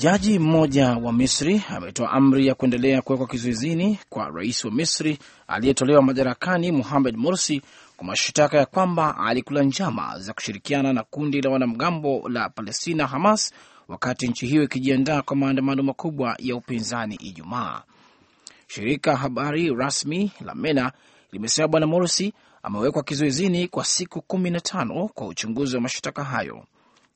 Jaji mmoja wa Misri ametoa amri ya kuendelea kuwekwa kizuizini kwa rais wa Misri aliyetolewa madarakani muhamed Morsi kwa mashtaka ya kwamba alikula njama za kushirikiana na kundi la wanamgambo la Palestina Hamas wakati nchi hiyo ikijiandaa kwa maandamano makubwa ya upinzani Ijumaa. Shirika habari rasmi la MENA limesema Bwana Morsi amewekwa kizuizini kwa siku kumi na tano kwa uchunguzi wa mashtaka hayo.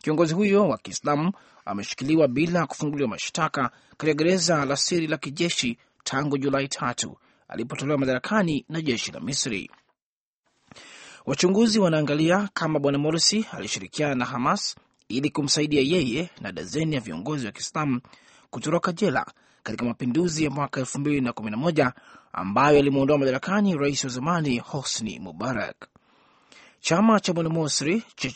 Kiongozi huyo wa Kiislamu ameshikiliwa bila kufunguliwa mashtaka katika gereza la siri la kijeshi tangu Julai tatu alipotolewa madarakani na jeshi la Misri. Wachunguzi wanaangalia kama bwana Morsi alishirikiana na Hamas ili kumsaidia yeye na dazeni ya viongozi wa Kiislamu kutoroka jela katika mapinduzi ya mwaka 2011 ambayo alimwondoa madarakani rais wa zamani Hosni Mubarak. Chama cha Bwana Morsi cha,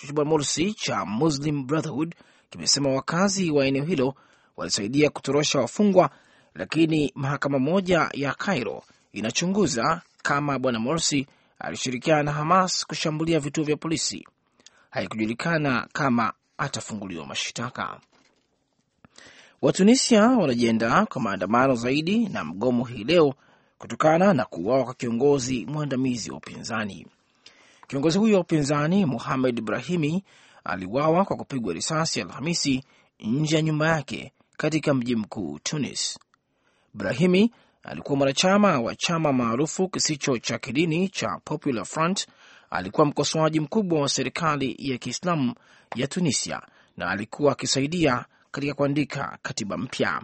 cha Muslim Brotherhood kimesema wakazi wa eneo hilo walisaidia kutorosha wafungwa, lakini mahakama moja ya Cairo inachunguza kama Bwana Morsi alishirikiana na Hamas kushambulia vituo vya polisi. Haikujulikana kama atafunguliwa mashtaka. Watunisia wanajiandaa kwa maandamano zaidi na mgomo hii leo kutokana na kuuawa kwa kiongozi mwandamizi wa upinzani. Kiongozi huyo wa upinzani muhamed Brahimi aliwawa kwa kupigwa risasi Alhamisi nje ya nyumba yake katika mji mkuu Tunis. Brahimi alikuwa mwanachama wa chama maarufu kisicho cha kidini cha Popular Front. Alikuwa mkosoaji mkubwa wa serikali ya Kiislamu ya Tunisia na alikuwa akisaidia katika kuandika katiba mpya.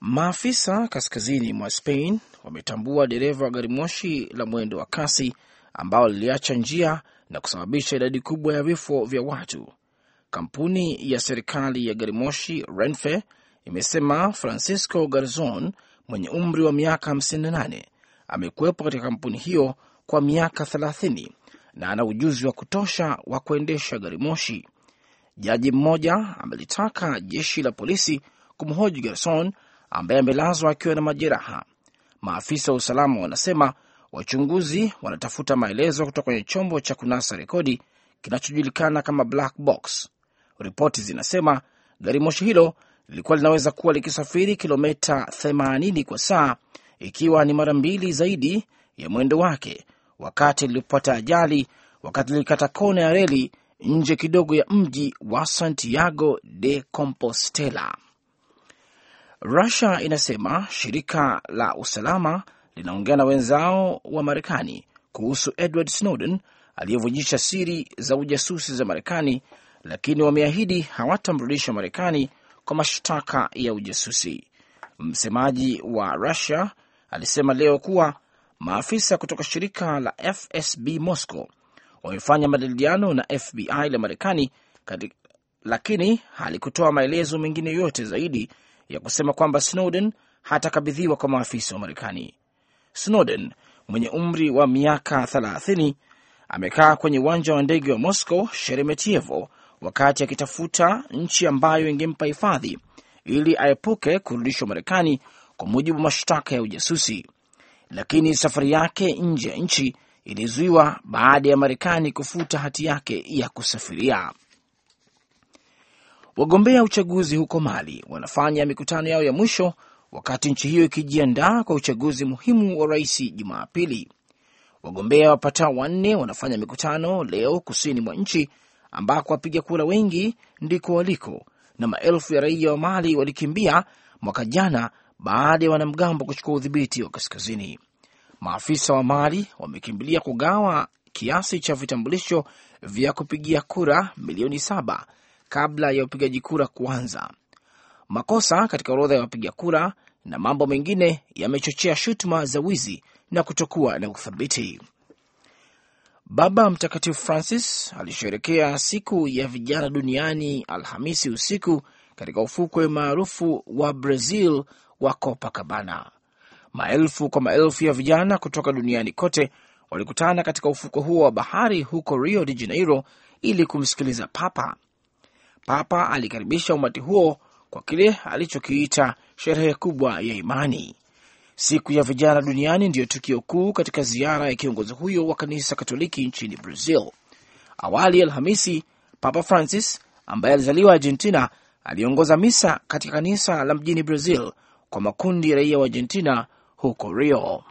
Maafisa kaskazini mwa Spain wametambua dereva wa gari moshi la mwendo wa kasi ambao liliacha njia na kusababisha idadi kubwa ya vifo vya watu. Kampuni ya serikali ya garimoshi Renfe imesema Francisco Garzon mwenye umri wa miaka 58 amekuwepo katika kampuni hiyo kwa miaka 30 na ana ujuzi wa kutosha wa kuendesha garimoshi. Jaji mmoja amelitaka jeshi la polisi kumhoji Garzon ambaye amelazwa akiwa na majeraha. Maafisa wa usalama wanasema Wachunguzi wanatafuta maelezo kutoka kwenye chombo cha kunasa rekodi kinachojulikana kama black box. Ripoti zinasema gari moshi hilo lilikuwa linaweza kuwa likisafiri kilomita 80 kwa saa, ikiwa ni mara mbili zaidi ya mwendo wake wakati lilipopata ajali, wakati lilikata kona ya reli nje kidogo ya mji wa Santiago de Compostela. Rusia inasema shirika la usalama linaongea na wenzao wa Marekani kuhusu Edward Snowden aliyevujisha siri za ujasusi za Marekani, lakini wameahidi hawatamrudisha Marekani kwa mashtaka ya ujasusi. Msemaji wa Russia alisema leo kuwa maafisa kutoka shirika la FSB Moscow wamefanya majadiliano na FBI la Marekani, lakini halikutoa maelezo mengine yoyote zaidi ya kusema kwamba Snowden hatakabidhiwa kwa maafisa wa Marekani. Snowden mwenye umri wa miaka 30 amekaa kwenye uwanja wa ndege wa Moscow Sheremetyevo wakati akitafuta nchi ambayo ingempa hifadhi ili aepuke kurudishwa Marekani kwa mujibu wa mashtaka ya ujasusi, lakini safari yake nje ya nchi ilizuiwa baada ya Marekani kufuta hati yake ya kusafiria. Wagombea uchaguzi huko Mali wanafanya mikutano yao ya mwisho wakati nchi hiyo ikijiandaa kwa uchaguzi muhimu wa rais Jumapili. Wagombea wapatao wanne wanafanya mikutano leo kusini mwa nchi ambako wapiga kura wengi ndiko waliko, na maelfu ya raia wa Mali walikimbia mwaka jana baada ya wanamgambo kuchukua udhibiti wa kaskazini. Maafisa wa Mali wamekimbilia kugawa kiasi cha vitambulisho vya kupigia kura milioni saba kabla ya upigaji kura kuanza, makosa katika orodha ya wapiga kura na mambo mengine yamechochea shutuma za wizi na kutokuwa na uthabiti. Baba Mtakatifu Francis alisherekea siku ya vijana duniani Alhamisi usiku katika ufukwe maarufu wa Brazil wa Copacabana. Maelfu kwa maelfu ya vijana kutoka duniani kote walikutana katika ufukwe huo wa bahari huko Rio de Janeiro ili kumsikiliza Papa. Papa alikaribisha umati huo kwa kile alichokiita sherehe kubwa ya imani. Siku ya vijana duniani ndiyo tukio kuu katika ziara ya kiongozi huyo wa kanisa Katoliki nchini Brazil. Awali Alhamisi, Papa Francis ambaye alizaliwa Argentina aliongoza misa katika kanisa la mjini Brazil kwa makundi ya raia wa Argentina huko Rio.